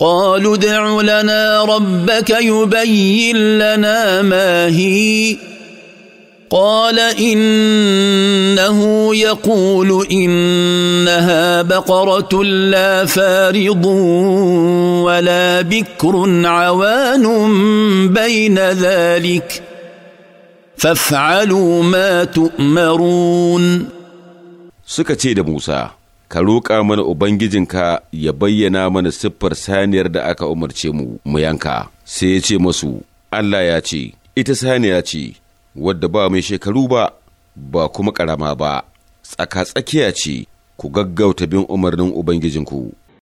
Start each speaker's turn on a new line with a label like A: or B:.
A: قالوا ادع لنا ربك يبين لنا ما هي قال انه يقول انها بقره لا فارض ولا بكر عوان بين ذلك
B: فافعلوا ما تؤمرون سكتي موسى ka roƙa mana Ubangijinka ya bayyana mana siffar saniyar da aka umarce mu mu yanka. Sai ya ce masu, Allah ya ce, ita saniya ce, wadda ba mai shekaru ba, ba kuma ƙarama ba, tsaka-tsakiya ce, ku gaggauta bin umarnin Ubangijinku.